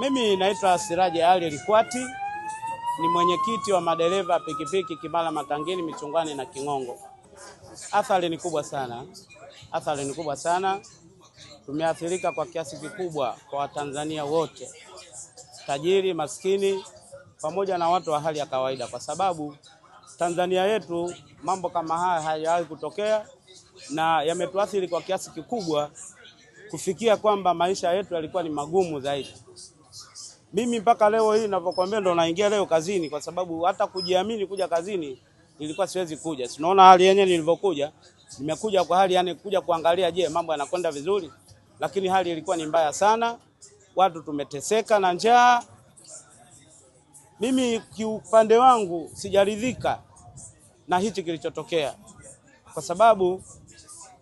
Mimi naitwa Siraji Ali Likwati, ni mwenyekiti wa madereva pikipiki Kimara, Matangini, Michungwani na King'ongo. Athari ni kubwa sana, athari ni kubwa sana. Tumeathirika kwa kiasi kikubwa kwa Watanzania wote, tajiri, maskini, pamoja na watu wa hali ya kawaida, kwa sababu Tanzania yetu mambo kama haya hayawahi kutokea na yametuathiri kwa kiasi kikubwa kufikia kwamba maisha yetu yalikuwa ni magumu zaidi. Mimi mpaka leo hii ninavyokuambia ndo naingia leo kazini, kwa sababu hata kujiamini kuja kazini nilikuwa siwezi kuja. Sinaona hali yenyewe nilivyokuja, nimekuja kwa hali yani kuja kuangalia, je, mambo yanakwenda vizuri, lakini hali ilikuwa ni mbaya sana, watu tumeteseka na njaa. Mimi kiupande wangu sijaridhika na hichi kilichotokea, kwa sababu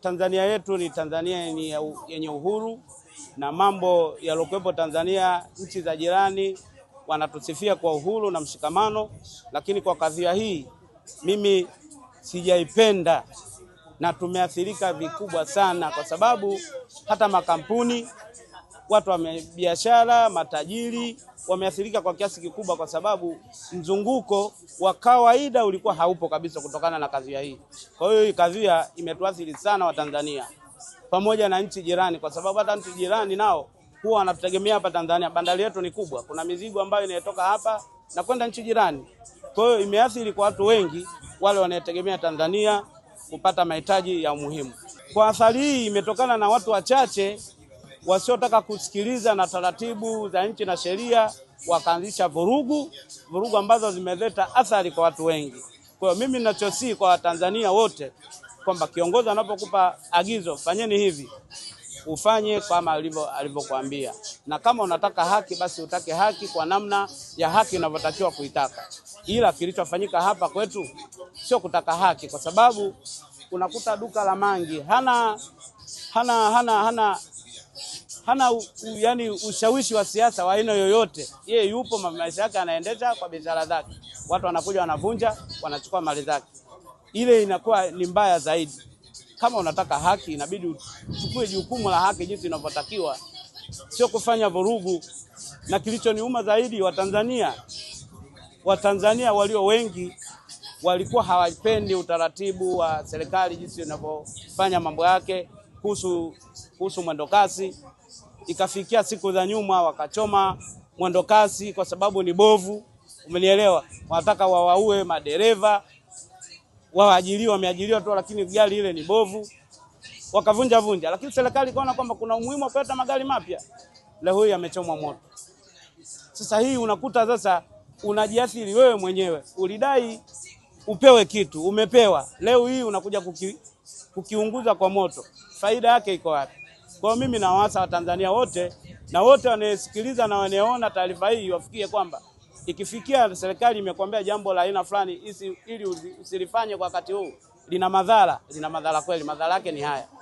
Tanzania yetu ni Tanzania yenye uhuru na mambo yaliokuwepo Tanzania, nchi za jirani wanatusifia kwa uhuru na mshikamano, lakini kwa kadhia hii mimi sijaipenda na tumeathirika vikubwa sana, kwa sababu hata makampuni, watu wa biashara, matajiri wameathirika kwa kiasi kikubwa, kwa sababu mzunguko wa kawaida ulikuwa haupo kabisa kutokana na kadhia hii. Kwa hiyo hii kadhia imetuathiri sana Watanzania pamoja na nchi jirani, kwa sababu hata nchi jirani nao huwa wanatutegemea hapa Tanzania. Bandari yetu ni kubwa, kuna mizigo ambayo inayotoka hapa na kwenda nchi jirani. Kwa hiyo imeathiri kwa watu wengi wale wanaotegemea Tanzania kupata mahitaji ya umuhimu. Kwa athari hii imetokana na watu wachache wasiotaka kusikiliza na taratibu za nchi na sheria, wakaanzisha vurugu, vurugu ambazo zimeleta athari kwa watu wengi. Kwa hiyo mimi ninachosii kwa Watanzania wote kwamba kiongozi anapokupa agizo fanyeni hivi ufanye kama alivyokuambia, na kama unataka haki basi utake haki kwa namna ya haki inavyotakiwa kuitaka. Ila kilichofanyika hapa kwetu sio kutaka haki, kwa sababu unakuta duka la mangi hana hana hana hana hana u, yani ushawishi wa siasa wa aina yoyote. Yeye yupo maisha yake anaendesha kwa biashara zake, watu wanakuja wanavunja, wanachukua mali zake ile inakuwa ni mbaya zaidi. Kama unataka haki, inabidi uchukue jukumu la haki jinsi inavyotakiwa, sio kufanya vurugu. Na kilichoniuma zaidi, Watanzania Watanzania walio wengi walikuwa hawapendi utaratibu wa serikali jinsi inavyofanya mambo yake kuhusu kuhusu mwendokasi. Ikafikia siku za nyuma wakachoma mwendokasi kwa sababu ni bovu, umenielewa? Wanataka wawaue madereva waajiriwa wameajiriwa tu, lakini gari ile ni bovu, wakavunja vunja. Lakini serikali ikaona kwamba kuna umuhimu wa kuleta magari mapya, leo hii yamechomwa moto. Sasa hii unakuta sasa unajiathiri wewe mwenyewe, ulidai upewe kitu umepewa, leo hii unakuja kuki, kukiunguza kwa moto, faida yake iko wapi? Kwa mimi nawaasa Watanzania wote na wote wanaesikiliza na wanaona taarifa hii wafikie kwamba ikifikia serikali imekwambia jambo la aina fulani ili usilifanye kwa wakati huu, lina madhara, lina madhara kweli. Madhara yake ni haya.